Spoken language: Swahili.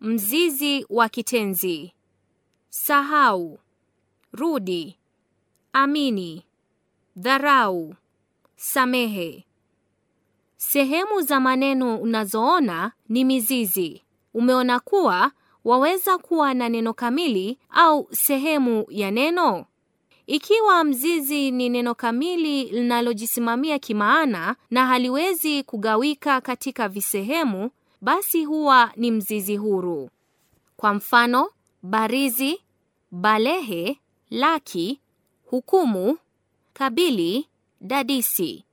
Mzizi wa kitenzi: sahau, rudi, amini, dharau, samehe. Sehemu za maneno unazoona ni mizizi. Umeona kuwa waweza kuwa na neno kamili au sehemu ya neno. Ikiwa mzizi ni neno kamili linalojisimamia kimaana na haliwezi kugawika katika visehemu basi huwa ni mzizi huru. Kwa mfano, barizi, balehe, laki, hukumu, kabili, dadisi.